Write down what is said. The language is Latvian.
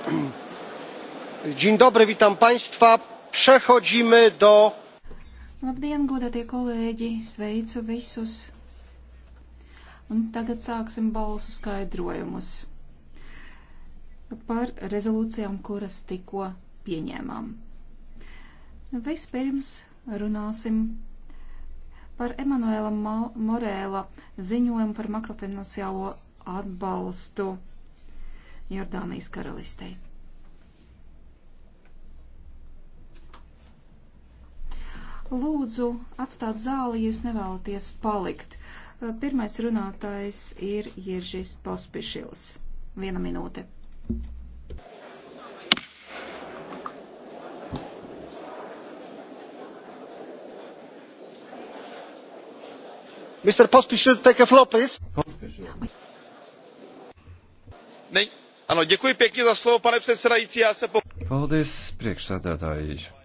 Dzień dobry, witam Państwa. Przechodzimy do. Labdien, godātie kolēģi, sveicu visus. Un tagad sāksim balsu skaidrojumus par rezolūcijām, kuras tikko pieņēmām. Vispirms runāsim par Emanuela Morēla ziņojumu par makrofinanciālo atbalstu Jordānijas karalistei. Lūdzu, atstāt zāli, ja jūs nevēlaties palikt. Pirmais runātājs ir Jiržis Pospišils. Viena minūte. mr pospil take a floor please. Ano, děkuji pěkně za slovo, pane předsedající. Já se pok... Paldies, priekšsēdētāji.